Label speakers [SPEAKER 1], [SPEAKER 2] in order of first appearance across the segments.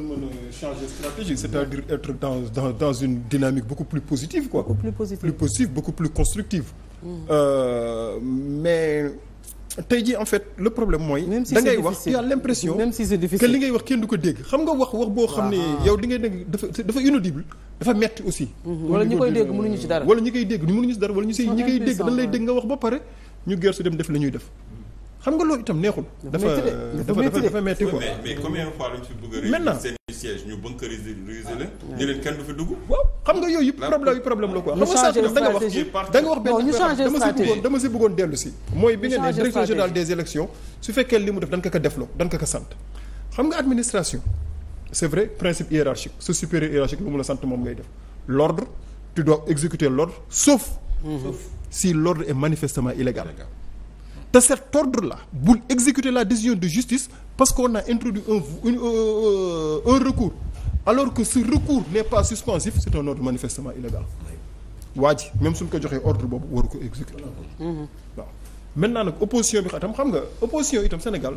[SPEAKER 1] waroon mën a changer stratégie c'est-à-dire être dans dans dans une dynamique beaucoup plus positive quoi. beaucoup plus positive plus positive hmm. euh, mais tey jii en fait le problème mooy. da ngay wax tu kenn du ko dégg xam nga wax wax boo xam ne ah. yow di ngay dégg dafa dafa inaudible dafa metti aussi. wala ñi koy dégg mënuñu wala ñi koy dégg mënuñu ci dara wala ñu si ñi koy dégg dañ lay nga wax ba pare ñu gerte dem def la ñuy def. xam nga loolu itam neexul. dafa dafa dafa dafa métti quoi mais mais combien de fois lañ fi bëgg a. maintenant seen siège ñu xam nga yooyu problème la quoi. ñu changé stratégie da nga wax da nga wax benn dama si bëggoon dama si dellu si. mooy bi nga ne direction des élections su fekkee li mu def dañ ko ko defloo dañ ko ko sant xam nga administration c'est vrai principe hiérarchique sa supérieur hiérarchique lu mu la sant moom ngay def l'ordre tu dois exécuter l'ordre sauf. Mm-hmm. si l'ordre est manifestement te cet ordre la bul exécuter la décision de justice parce qu'on a introduit un une, euh, euh, un recours alors que ce recours n'est pas suspensif c'est un ordre manifestement illégal waa ji même suñ ko joxee ordre boobu waru ko exécuter mhm. waaw maintenant nag opposition bi xam nga opposition itam Sénégal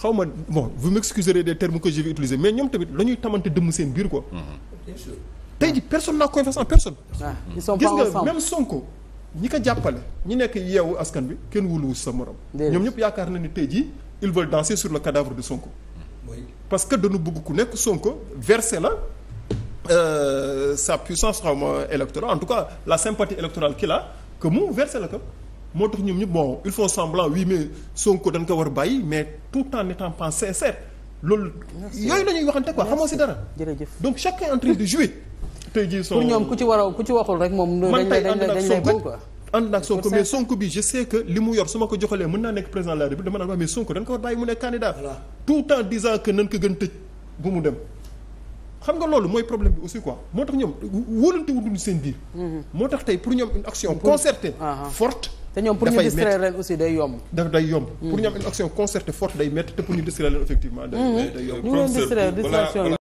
[SPEAKER 1] xaw ma bon vous m'excuserez des termes que je utiliser mais ñoom tamit la ñuy tamante dëmm seen biir quoi. Mhm. bien sûr tey ji personne n'a confiance en personne. Ah, gis nga même Sonko. ñi ko jàppale ñi nekk yeewu askan bi kenn wuluwu sa morom. ñoom ñëpp yaakaar na ni tey jii ils veulent danser sur le cadavre de Sonko. parce que dañu bëgg ku nekk Sonko verser la euh, sa puissance xaw ma électorale en tout cas la sympathie électorale qu'il a que mu verser la ko. moo tax ñoom ñëpp bon ils font semblant oui mais Sonko dañ ko war a bàyyi mais tout en étant pas sincère loolu. yooyu la ñuy waxante quoi xamoo si dara. donc chacun est en train de jouer. tey jii son pour ñoom ku ci war a ku ci waxul rek moom. man tey ànd naag Sonko ànd naag Sonko mais bi je sais que li mu yor su ma ko joxalee mën naa nekk président de la dama naan wax mais Sonko war bàyyi mu nekk candidat. tout temps disant que nañ ko gën tëj bu mu dem. xam nga loolu mooy problème bi aussi quoi moo tax ñoom wóolante wutuñu seen biir. Mhm. moo tax tey pour ñoom une action concertée. Ah, ah. forte te ñoom pour mhm. ñoom une action concertée forte day métti te pour ñu distraire leen effectivement. day mhm.